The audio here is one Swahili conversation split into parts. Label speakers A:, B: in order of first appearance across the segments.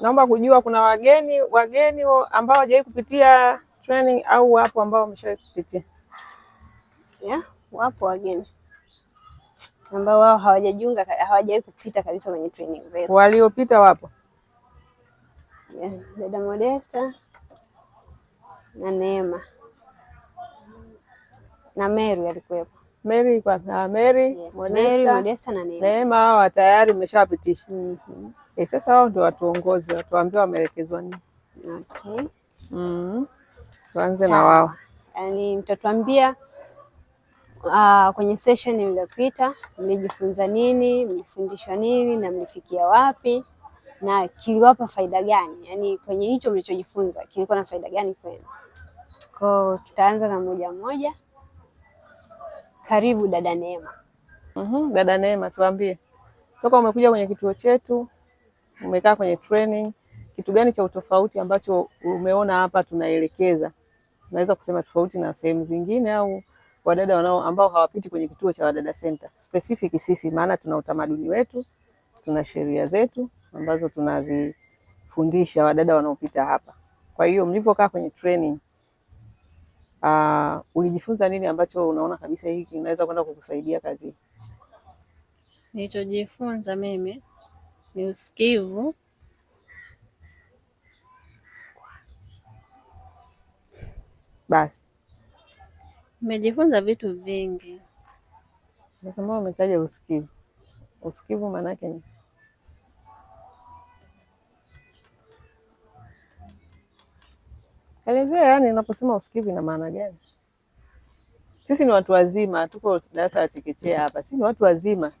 A: Naomba kujua kuna wageni wageni ambao hawajawahi kupitia training au wapo ambao wameshawahi kupitia?
B: Yeah, wapo wageni ambao wao hawajajiunga, hawajawahi kupita kabisa kwenye training
A: zetu. Waliopita wapo
B: yeah, dada Modesta na Neema na Mary alikuwepo. Mary, Mary, yeah, Modesta, Mary, Modesta na Neema,
A: Neema wao tayari mmeshawapitisha. mm -hmm. E, sasa wao ndio watuongoze, watuambie wameelekezwa nini. Okay. Mm. Tuanze na wao.
B: Yaani mtatuambia uh, kwenye session iliyopita mlijifunza nini, mlifundishwa nini na mlifikia wapi na kiliwapa faida gani? Yaani kwenye hicho mlichojifunza kilikuwa na faida gani kwenu? Kwa tutaanza na moja moja. Karibu dada Neema.
A: Mhm, dada Neema tuambie. Toka umekuja kwenye kituo chetu umekaa kwenye training, kitu gani cha utofauti ambacho umeona hapa tunaelekeza, naweza kusema tofauti na sehemu zingine au wadada wanao ambao hawapiti kwenye kituo cha Wadada Center specific sisi, maana tuna utamaduni wetu, tuna sheria zetu ambazo tunazifundisha wadada wanaopita hapa. Kwa hiyo mlivyokaa kwenye training uh, ulijifunza nini ambacho unaona kabisa hiki inaweza kwenda kukusaidia kazi?
B: Nilichojifunza mimi ni usikivu basi. Nimejifunza vitu vingi.
A: Nasema umetaja usikivu. Usikivu manake ni elezea, yaani unaposema usikivu ina maana gani? Sisi ni watu wazima, tuko darasa la chekechea hapa. Sisi ni watu wazima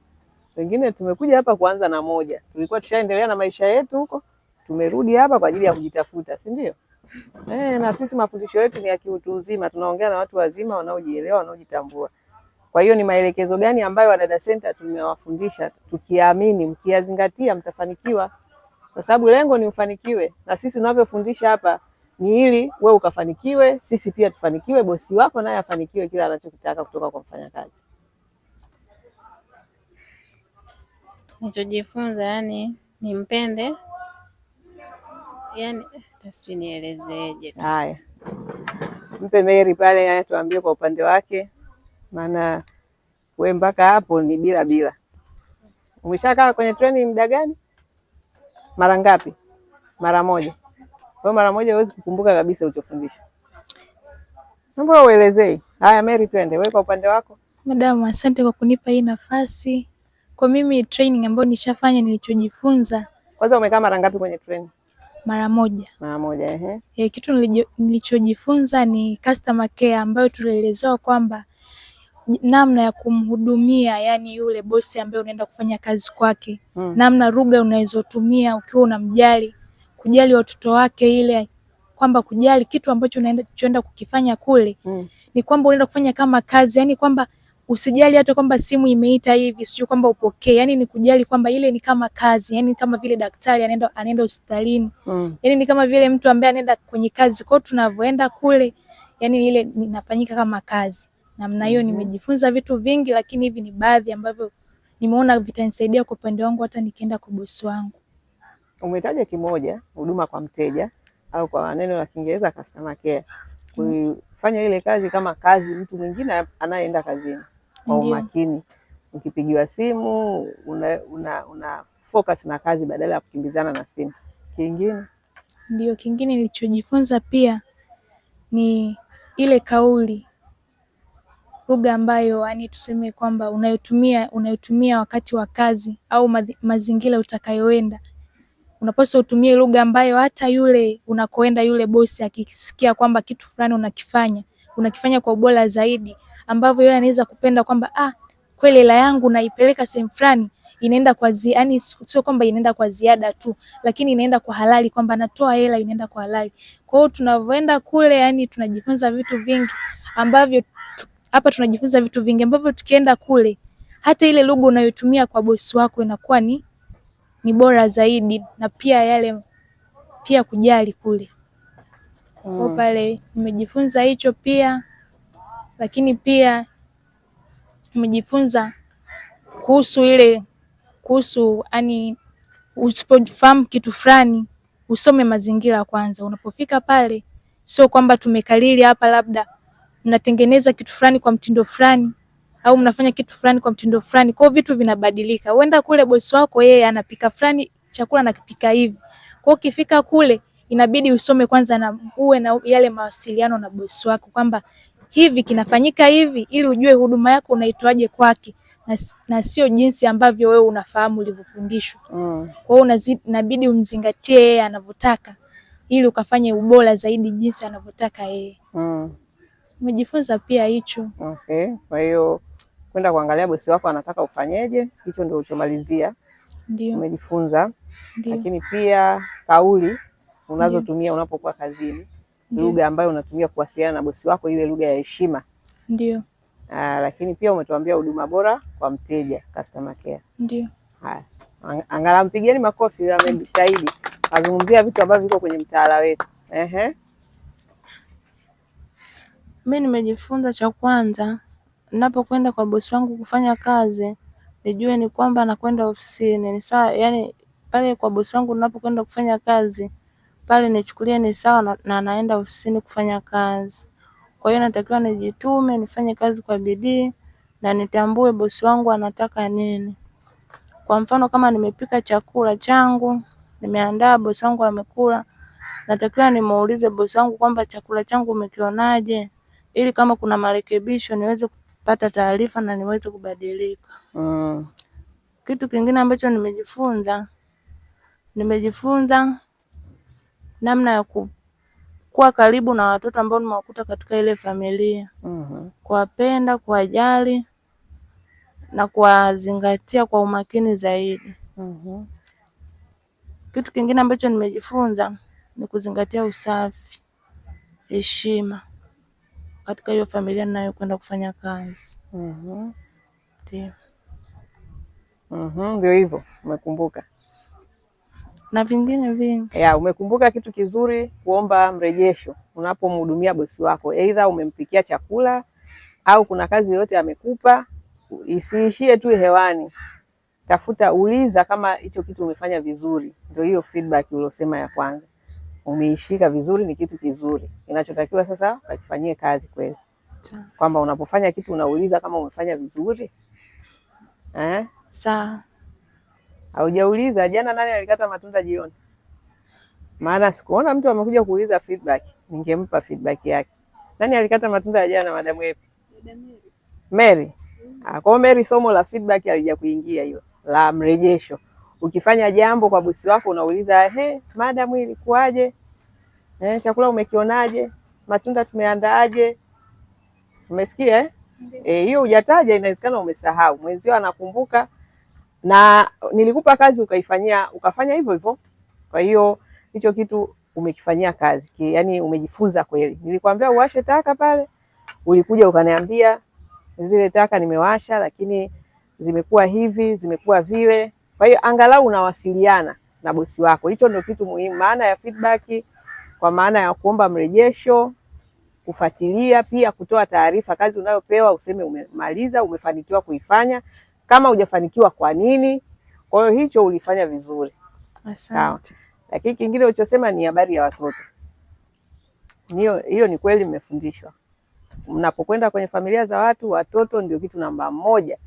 A: wengine tumekuja hapa kuanza na moja, tulikuwa tushaendelea na maisha yetu huko, tumerudi hapa kwa ajili ya kujitafuta, si ndio? E, na sisi mafundisho yetu ni ya kiutu uzima, tunaongea na watu wazima wanaojielewa, wanaojitambua. Kwa hiyo ni maelekezo gani ambayo Wadada Senta tumewafundisha, tukiamini, mkiyazingatia mtafanikiwa, kwa sababu lengo ni ufanikiwe, na sisi tunavyofundisha hapa ni ili wewe ukafanikiwe, sisi pia tufanikiwe, bosi wako naye afanikiwe kila anachokitaka kutoka kwa mfanyakazi.
B: nilichojifunza yani nimpende yani, tasijui nielezeje.
A: Haya, mpe Mary pale, yani tuambie kwa upande wake, maana we mpaka hapo ni bila bila. Umeshakaa kwenye treni muda gani? Mara ngapi? Mara moja. Kwa mara moja huwezi kukumbuka kabisa ulichofundishwa. Naomba uelezee. Haya Mary, twende wewe kwa upande wako.
C: Madamu, asante kwa kunipa hii nafasi. Kwa mimi training ambayo nishafanya nilichojifunza.
A: Kwanza umekaa mara ngapi kwenye training?
C: Mara moja.
A: Mara moja, eh.
C: Eh, kitu nilichojifunza ni customer care ambayo tulielezewa kwamba namna ya kumhudumia yani yule bosi ambaye unaenda kufanya kazi kwake, hmm. namna lugha unaizotumia ukiwa unamjali, kujali watoto wake, ile kwamba kujali kitu ambacho unaenda kukifanya kule, hmm. ni kwamba unaenda kufanya kama kazi, yani kwamba Usijali hata kwamba simu imeita hivi, sio kwamba upokee. Yani ni kujali kwamba ile ni kama kazi, yani kama vile daktari anaenda anaenda hospitalini. Mm. Yani ni kama vile mtu ambaye anaenda kwenye kazi. kwao, tunavyoenda kule, yani ile inafanyika kama kazi. Namna hiyo mm -hmm. Nimejifunza vitu vingi, lakini hivi ni baadhi ambavyo nimeona vitanisaidia kwa upande wangu hata nikienda kwa bosi wangu.
A: Umetaja kimoja, huduma kwa mteja au kwa neno la Kiingereza customer care, mm. kufanya ile kazi kama kazi mtu mwingine anayeenda kazini kwa umakini. Ukipigiwa simu una, una, una focus na kazi badala ya kukimbizana na simu. Kingine
C: ndio kingine nilichojifunza pia ni ile kauli lugha ambayo yani tuseme kwamba unayotumia unayotumia wakati wa kazi au mazingira utakayoenda, unapaswa utumie lugha ambayo hata yule unakoenda yule bosi akisikia kwamba kitu fulani unakifanya unakifanya kwa ubora zaidi, ambavyo yeye anaweza kupenda kwamba ah, kweli hela yangu naipeleka sehemu fulani inaenda kwa zi, yani sio kwamba inaenda kwa ziada tu, lakini inaenda kwa halali, kwamba natoa hela inaenda kwa halali. Kwa hiyo tunavyoenda kule, yani tunajifunza vitu vingi ambavyo hapa tunajifunza vitu vingi ambavyo tukienda kule, hata ile lugha unayotumia kwa bosi wako inakuwa ni ni bora zaidi, na pia yale pia kujali kule. Kwa mm. pale nimejifunza hicho pia lakini pia umejifunza kuhusu ile kuhusu yani, usipofahamu kitu fulani usome mazingira kwanza. Unapofika pale, sio kwamba tumekalili hapa, labda mnatengeneza kitu fulani kwa mtindo fulani au mnafanya kitu fulani kwa mtindo fulani, kwa vitu vinabadilika. Huenda kule bosi wako yeye anapika fulani chakula anakipika hivi, kwa ukifika kule inabidi usome kwanza na uwe na yale mawasiliano na bosi wako kwamba hivi kinafanyika hivi, ili ujue huduma yako unaitoaje kwake na, na sio jinsi ambavyo wewe unafahamu ulivyofundishwa. Mm. Kwa hiyo inabidi umzingatie yeye anavyotaka ili ukafanye ubora zaidi jinsi anavyotaka yeye. Mm. Umejifunza pia hicho.
A: Okay. Kwa hiyo kwenda kuangalia bosi wako anataka ufanyeje, hicho ndio ulichomalizia. Ndio. Umejifunza. Lakini pia kauli unazotumia unapokuwa kazini lugha ambayo unatumia kuwasiliana na bosi wako, ile lugha ya heshima ndio. Ah, lakini pia umetuambia huduma bora kwa mteja, customer care ndio. Haya, angalau mpigieni makofi, amejitahidi azungumzia vitu ambavyo viko kwenye mtaala wetu. Ehe,
C: mimi nimejifunza cha kwanza, ninapokwenda kwa bosi wangu kufanya kazi nijue ni kwamba nakwenda ofisini. Ni sawa, yani pale kwa bosi wangu ninapokwenda kufanya kazi pale nichukulie ni sawa na naenda ofisini kufanya kazi. Kwa hiyo natakiwa nijitume, nifanye kazi kwa bidii na nitambue bosi wangu anataka nini. Kwa mfano kama nimepika chakula changu, nimeandaa bosi wangu amekula, natakiwa nimuulize bosi wangu kwamba chakula changu umekionaje, ili kama kuna marekebisho niweze kupata taarifa na niweze kubadilika. Mm. Kitu kingine ambacho nimejifunza nimejifunza namna ya kuwa karibu na watoto ambao nimewakuta katika ile familia mm -hmm. kuwapenda, kuwajali na kuwazingatia kwa umakini zaidi mm -hmm. Kitu kingine ambacho nimejifunza ni kuzingatia usafi, heshima katika hiyo familia ninayokwenda kufanya kazi mhm. ndio. mm
A: -hmm. mm -hmm. Ndio hivyo, umekumbuka
C: na vingine vingi.
A: Ya, umekumbuka kitu kizuri, kuomba mrejesho unapomhudumia bosi wako, aidha umempikia chakula au kuna kazi yoyote amekupa. Isiishie tu hewani, tafuta, uliza kama hicho kitu umefanya vizuri. Ndio hiyo feedback uliosema ya kwanza, umeishika vizuri, ni kitu kizuri. inachotakiwa sasa akifanyie kazi kweli, kwamba unapofanya kitu unauliza kama umefanya vizuri eh? Sawa. Haujauliza jana nani alikata matunda jioni? Maana sikuona mtu amekuja kuuliza feedback, ningempa feedback yake. Nani alikata matunda ya jana madamu yepi? Mary. Ah, kwa Mary somo la feedback alija kuingia hiyo la mrejesho. Ukifanya jambo kwa bosi wako unauliza, "Hey, madamu ilikuwaje? Eh, chakula umekionaje? Matunda tumeandaaje?" Umesikia eh? Eh, hiyo hujataja inawezekana umesahau. Mwenzio anakumbuka na nilikupa kazi ukaifanyia ukafanya hivyo hivyo. Kwa hiyo hicho kitu umekifanyia kazi ki, yani umejifunza kweli. Nilikwambia uwashe taka pale, ulikuja ukaniambia zile taka nimewasha, lakini zimekuwa hivi zimekuwa vile. Kwa hiyo angalau unawasiliana na bosi wako, hicho ndio kitu muhimu. Maana ya feedback, kwa maana ya kuomba mrejesho, kufuatilia, pia kutoa taarifa. Kazi unayopewa useme umemaliza, umefanikiwa kuifanya, kama hujafanikiwa kwa nini. Kwa hiyo hicho ulifanya vizuri,
C: asante.
A: Lakini kingine ulichosema ni habari ya watoto, hiyo hiyo ni kweli, mmefundishwa mnapokwenda kwenye familia za watu, watoto ndio kitu namba moja.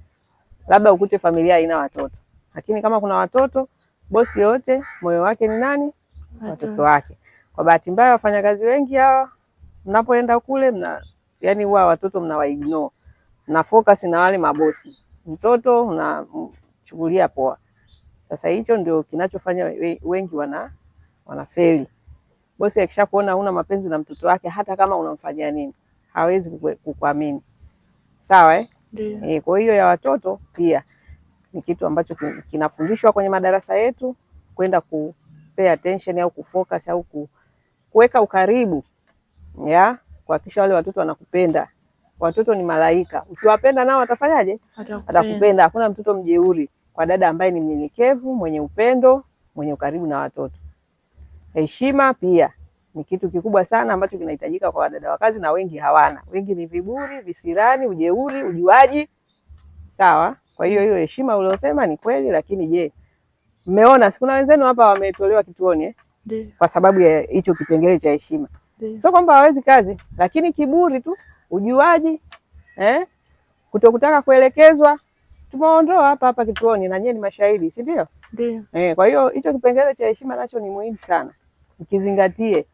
A: Labda ukute familia haina watoto, lakini kama kuna watoto, bosi yoyote moyo wake ni nani? Watoto wake. Kwa bahati mbaya, wafanyakazi wengi hawa, mnapoenda kule mna, yani huwa watoto mnawa ignore, focus na wale mabosi mtoto unamchukulia poa. Sasa hicho ndio kinachofanya wengi wana wanafeli. Bosi akisha kuona una mapenzi na mtoto wake, hata kama unamfanyia nini, hawezi kukuamini. Sawa eh? E, kwa hiyo ya watoto pia ni kitu ambacho kinafundishwa kwenye madarasa yetu, kwenda ku pay attention au kufocus au kuweka ukaribu ya kuhakikisha wale watoto wanakupenda Watoto ni malaika, ukiwapenda nao watafanyaje? Atakupenda. Hakuna mtoto mjeuri kwa dada ambaye ni mnyenyekevu, mwenye upendo, mwenye ukaribu na watoto. Heshima pia ni kitu kikubwa sana ambacho kinahitajika kwa wadada wa kazi, na wengi hawana. Wengi ni viburi, visirani, ujeuri, ujuaji. Sawa. Kwa hiyo hiyo heshima uliosema ni kweli, lakini je, mmeona sikuna wenzenu hapa wametolewa kituoni eh? Kwa sababu ya hicho kipengele cha heshima, sio kwamba hawezi kazi, lakini kiburi tu ujuaji eh, kutokutaka kuelekezwa tumeondoa hapa hapa kituoni, na nyie ni mashahidi, si ndio? Eh, kwa hiyo hicho kipengele cha heshima nacho ni muhimu sana, ukizingatie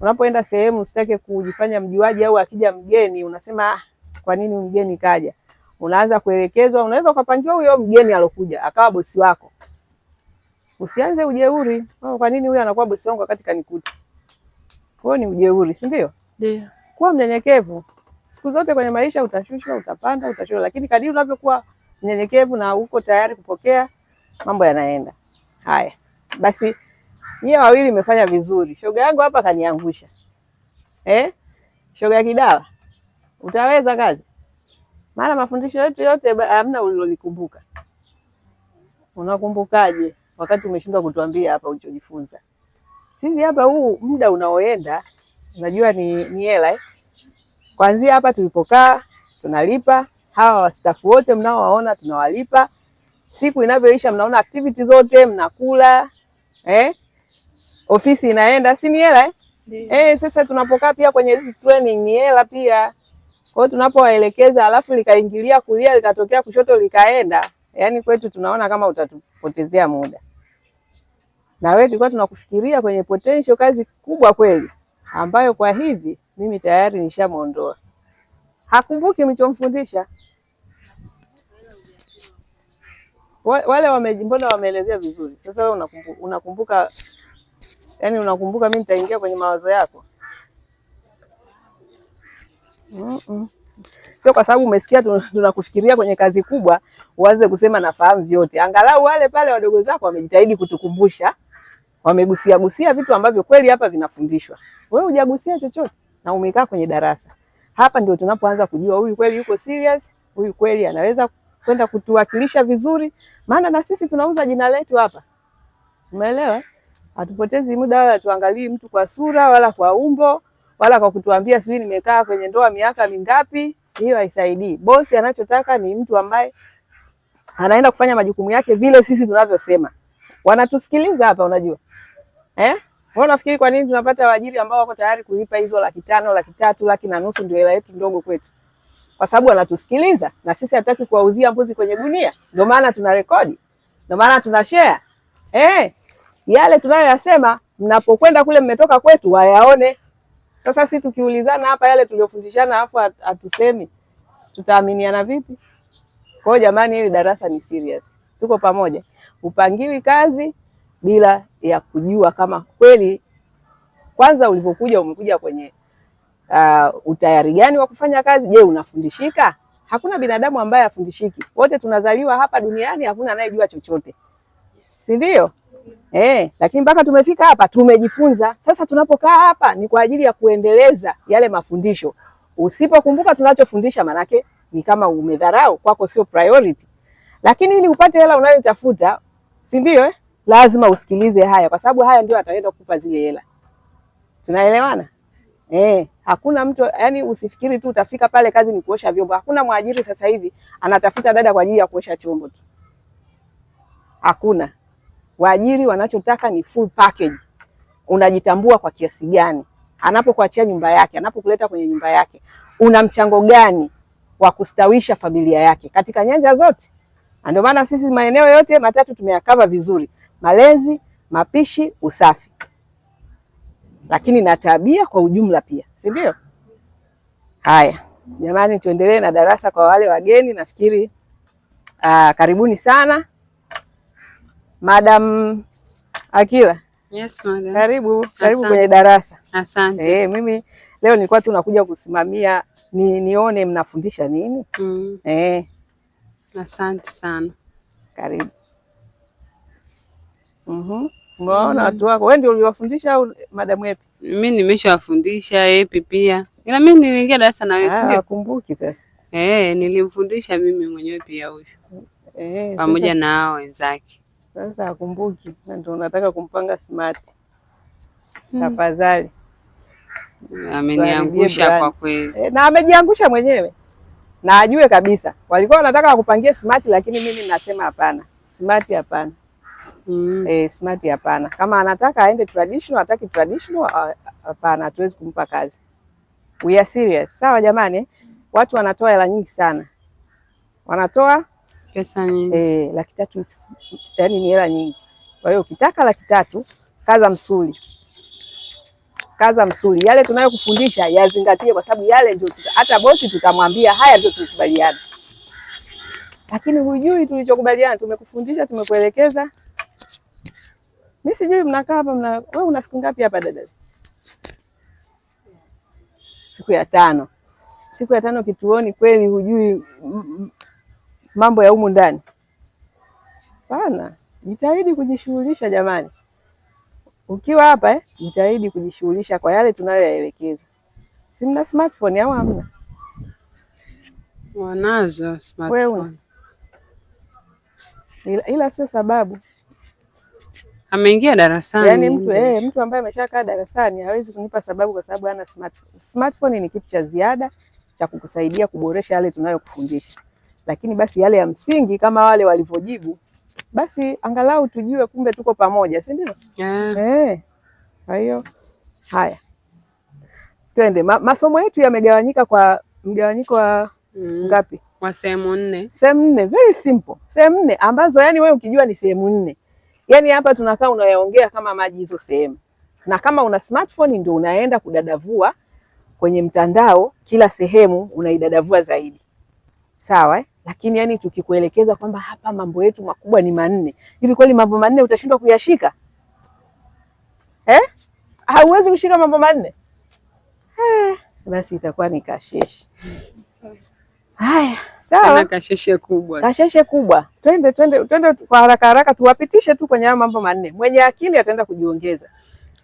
A: unapoenda sehemu, usitake kujifanya mjuaji, au akija mgeni unasema ah, kwa nini mgeni kaja? Unaanza kuelekezwa, unaweza ukapangiwa huyo mgeni alokuja akawa bosi wako. Usianze ujeuri, oh, kwa nini huyo anakuwa bosi wangu wakati kanikuta? Huo ni ujeuri, si ndio? Ndio kuwa mnyenyekevu. Siku zote kwenye maisha utashushwa, utapanda, utashushwa, lakini kadiri unavyokuwa mnyenyekevu na uko tayari kupokea, mambo yanaenda haya. Basi nyie wawili mmefanya vizuri. Shoga yangu hapa kaniangusha eh? Shoga ya Kidawa, utaweza kazi? Maana mafundisho yetu yote hamna ulilolikumbuka. Unakumbukaje wakati umeshindwa kutuambia hapa ulichojifunza? Sisi hapa, huu muda unaoenda unajua ni ni hela eh. Kuanzia hapa tulipokaa tunalipa, hawa wastafu wote mnaowaona tunawalipa. Siku inavyoisha mnaona activity zote mnakula eh, ofisi inaenda, si ni hela eh? Eh, sasa tunapokaa pia kwenye hizi training ni hela pia. Kwa hiyo tunapowaelekeza alafu likaingilia kulia likatokea kushoto likaenda, yani kwetu tunaona kama utatupotezea muda na wewe tulikuwa tunakufikiria kwenye potential, kazi kubwa kweli ambayo kwa hivi mimi tayari nishamwondoa. Hakumbuki mlichomfundisha. Wale wame, mbona wameelezea vizuri. Sasa wewe unakumbuka, unakumbuka yani unakumbuka mimi nitaingia kwenye mawazo yako? mm -mm. Sio kwa sababu umesikia tunakufikiria kwenye kazi kubwa uanze kusema nafahamu vyote. Angalau wale pale wadogo zako wamejitahidi kutukumbusha wamegusia gusia vitu ambavyo kweli hapa vinafundishwa. Wewe hujagusia chochote na umekaa kwenye darasa. Hapa ndio tunapoanza kujua huyu kweli yuko serious, huyu kweli anaweza kwenda kutuwakilisha vizuri, maana na sisi tunauza jina letu hapa. Umeelewa? Hatupotezi muda wala tuangalie mtu kwa sura wala kwa umbo wala kwa kutuambia sijui nimekaa kwenye ndoa miaka mingapi. Hiyo haisaidii. Bosi anachotaka ni mtu ambaye anaenda kufanya majukumu yake vile sisi tunavyosema wanatusikiliza hapa, unajua eh? Wewe unafikiri kwa nini tunapata waajiri ambao wako tayari kulipa hizo laki tano, laki tatu, laki na nusu? Ndio hela yetu ndogo kwetu, kwa sababu wanatusikiliza, na sisi hataki kuwauzia mbuzi kwenye gunia. Ndio maana tuna rekodi, ndio maana tuna share eh, yale tunayoyasema mnapokwenda kule mmetoka kwetu wayaone. Sasa sisi tukiulizana hapa yale tuliyofundishana afu hatusemi, tutaaminiana vipi? Kwa hiyo jamani, hili darasa ni serious, tuko pamoja. Hupangiwi kazi bila ya kujua kama kweli kwanza ulivyokuja umekuja kwenye uh, utayari gani wa kufanya kazi. Je, unafundishika? Hakuna binadamu ambaye afundishiki, wote tunazaliwa hapa duniani, hakuna anayejua chochote, si ndio? Eh, lakini mpaka tumefika hapa tumejifunza. Sasa tunapokaa hapa ni kwa ajili ya kuendeleza yale mafundisho. Usipokumbuka tunachofundisha, manake ni kama umedharau, kwako sio priority. Lakini ili upate hela unayotafuta si ndio? Eh, lazima usikilize haya, kwa sababu haya ndio ataenda kukupa zile hela. Tunaelewana eh? Hakuna mtu yani, usifikiri tu utafika pale kazi ni kuosha vyombo. Hakuna mwajiri sasa hivi anatafuta dada kwa ajili ya kuosha chombo tu, hakuna. Waajiri wanachotaka ni full package. Unajitambua kwa kiasi gani anapokuachia nyumba yake, anapokuleta kwenye nyumba yake, una mchango gani wa kustawisha familia yake katika nyanja zote. Ndio maana sisi maeneo yote matatu tumeyakava vizuri: malezi, mapishi, usafi, lakini na tabia kwa ujumla pia, si ndio? Haya jamani, tuendelee na darasa. Kwa wale wageni nafikiri aa, ah, karibuni sana. Madam Akila.
D: Yes, madam.
A: Karibu, karibu kwenye darasa.
D: Asante.
A: E, mimi leo nilikuwa tu nakuja kusimamia ni, nione mnafundisha nini mm. E,
D: Asante sana,
A: karibu. Umeona mhm. mm -hmm. watu wako wewe ndio uliwafundisha au madam Epi?
D: Mimi nimeshawafundisha Epi pia, ila mimi niliingia darasa na wewe, sio
A: ah, kumbuki sasa.
D: Eh, nilimfundisha mimi mwenyewe pia huyu eh, pamoja na hao wenzake.
A: Sasa hakumbuki, na ndio unataka kumpanga smart. Hmm. Tafadhali.
D: Ameniangusha kwa kweli.
A: Eh, na amejiangusha mwenyewe na ajue kabisa. Walikuwa wanataka wakupangie smart, lakini mimi nasema hapana, smart hapana. Mm. Eh, smart hapana. Kama anataka aende traditional, hataki traditional, hapana, hatuwezi kumpa kazi. We are serious. Sawa jamani, watu wanatoa hela nyingi sana, wanatoa
D: pesa nyingi
A: eh, laki tatu, yani ni hela nyingi. Kwa hiyo ukitaka laki tatu, kaza msuli kaza msuli, yale tunayokufundisha yazingatie, kwa sababu yale ndio hata bosi tutamwambia haya ndio tulikubaliana, lakini hujui tulichokubaliana. Tumekufundisha, tumekuelekeza. Mi sijui mnakaa hapa mna, wewe una siku ngapi hapa dada? Siku ya tano. Siku ya tano kituoni, kweli hujui mambo ya humu ndani? Pana, jitahidi kujishughulisha jamani. Ukiwa hapa eh, jitahidi kujishughulisha kwa yale tunayoyaelekeza. Si mna smartphone au hamna?
D: Wanazo smartphone.
A: Ila, ila sio sababu
D: ameingia darasani.
A: Yaani mtu, eh, mtu ambaye ameshakaa darasani hawezi kunipa sababu kwa sababu ana smartphone. Smartphone ni kitu cha ziada cha kukusaidia kuboresha yale tunayokufundisha, lakini basi yale ya msingi kama wale walivyojibu basi angalau tujue kumbe tuko pamoja, si ndio? Eh. eh, kwa hiyo haya, twende Ma, masomo yetu yamegawanyika kwa mgawanyiko wa mm. ngapi?
D: Kwa sehemu nne,
A: sehemu nne, very simple, sehemu nne ambazo yani wewe ukijua ni sehemu nne, yani hapa tunakaa unayaongea kama maji hizo sehemu, na kama una smartphone ndio unaenda kudadavua kwenye mtandao, kila sehemu unaidadavua zaidi, sawa eh? Lakini yani tukikuelekeza kwamba hapa mambo yetu makubwa ni manne hivi, kweli mambo manne utashindwa kuyashika eh? Hauwezi kushika mambo manne eh? Basi itakuwa ni kasheshe. Haya, sawa,
D: kasheshe kubwa,
A: kasheshe kubwa. Twende, twende, twende kwa haraka haraka, tuwapitishe tu kwenye mambo manne. Mwenye akili ataenda kujiongeza.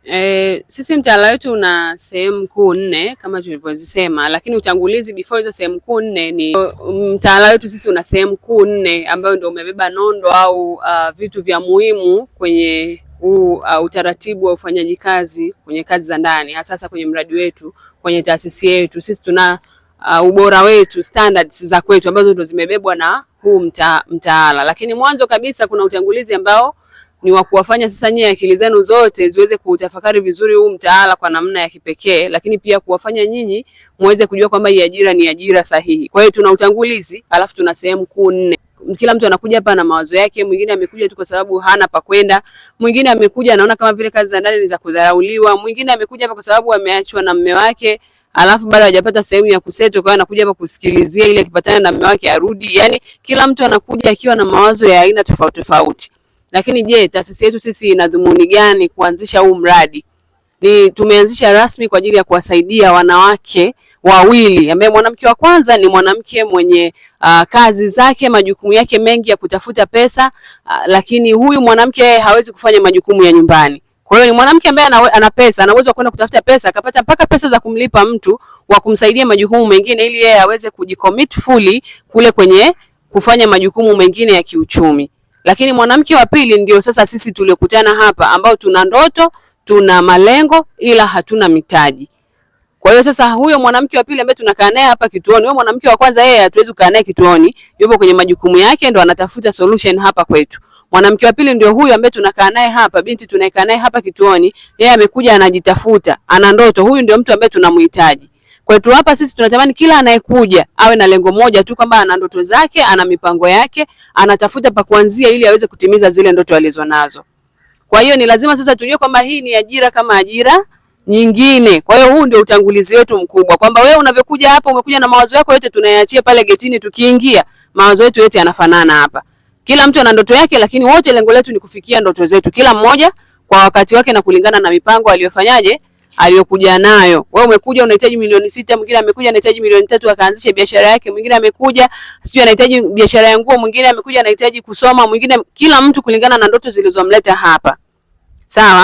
E: E, sisi mtaala wetu una sehemu kuu nne kama tulivyozisema, lakini utangulizi before hizo sehemu kuu nne ni mtaala wetu sisi una sehemu kuu nne ambayo ndio umebeba nondo au uh, vitu vya muhimu kwenye huu uh, utaratibu wa ufanyaji kazi kwenye kazi za ndani, hasa kwenye mradi wetu, kwenye taasisi yetu. Sisi tuna uh, ubora wetu, standards za kwetu ambazo ndio zimebebwa na huu mta, mtaala, lakini mwanzo kabisa kuna utangulizi ambao ni wa kuwafanya sasa nyie akili zenu zote ziweze kutafakari vizuri huu mtaala kwa namna ya kipekee, lakini pia kuwafanya nyinyi muweze kujua kwamba hii ajira ni ajira sahihi. Kwa hiyo tuna utangulizi, alafu tuna sehemu kuu nne. Kila mtu anakuja hapa na mawazo yake. Mwingine amekuja tu kwa sababu hana pa kwenda, mwingine amekuja anaona kama vile kazi za ndani ni za kudharauliwa, mwingine amekuja hapa kwa sababu ameachwa na mme wake alafu bado hajapata sehemu ya kuseto, kwa anakuja hapa kusikilizia ili akipatana na mume wake arudi. Yani kila mtu anakuja akiwa na mawazo ya aina tofauti tofauti. Lakini je, taasisi yetu sisi ina dhumuni gani kuanzisha huu mradi? Ni tumeanzisha rasmi kwa ajili ya kuwasaidia wanawake wawili ambaye mwanamke wa kwanza ni mwanamke mwenye uh, kazi zake majukumu yake mengi ya kutafuta pesa uh, lakini huyu mwanamke yeye hawezi kufanya majukumu ya nyumbani. Kwa hiyo ni mwanamke ambaye ana pesa, ana uwezo wa kwenda kutafuta pesa, akapata mpaka pesa za kumlipa mtu wa kumsaidia majukumu mengine, ili yeye aweze kujicommit fully kule kwenye kufanya majukumu mengine ya kiuchumi. Lakini mwanamke wa pili ndio sasa sisi tuliokutana hapa ambao tuna ndoto, tuna malengo ila hatuna mitaji. Kwa hiyo sasa huyo mwanamke wa pili ambaye tunakaa naye hapa kituoni, huyo mwanamke wa kwanza yeye hatuwezi kukaa naye kituoni, yupo kwenye majukumu yake ndo anatafuta solution hapa kwetu. Mwanamke wa pili ndio huyo ambaye tunakaa naye hapa, binti tunakaa naye hapa kituoni, yeye amekuja anajitafuta, ana ndoto. Huyu ndio mtu ambaye tunamhitaji. Kwetu hapa sisi tunatamani kila anayekuja awe na lengo moja tu, kwamba ana ndoto zake, ana mipango yake, anatafuta pa kuanzia ili aweze kutimiza zile ndoto alizo nazo. Kwa hiyo ni lazima sasa tujue kwamba hii ni ajira kama ajira nyingine. Kwa hiyo huu ndio utangulizi wetu mkubwa, kwamba wewe unavyokuja hapa, umekuja na mawazo yako yote, tunayaachia pale getini. Tukiingia mawazo yetu yote yanafanana hapa, kila mtu ana ndoto yake, lakini wote lengo letu ni kufikia ndoto zetu, kila mmoja kwa wakati wake na kulingana na mipango aliyofanyaje aliyokuja nayo. Wewe umekuja unahitaji milioni sita, mwingine amekuja anahitaji milioni tatu akaanzisha biashara yake, mwingine amekuja sio anahitaji biashara ya nguo, mwingine amekuja anahitaji kusoma, mwingine kila mtu kulingana na ndoto zilizomleta hapa. Sawa?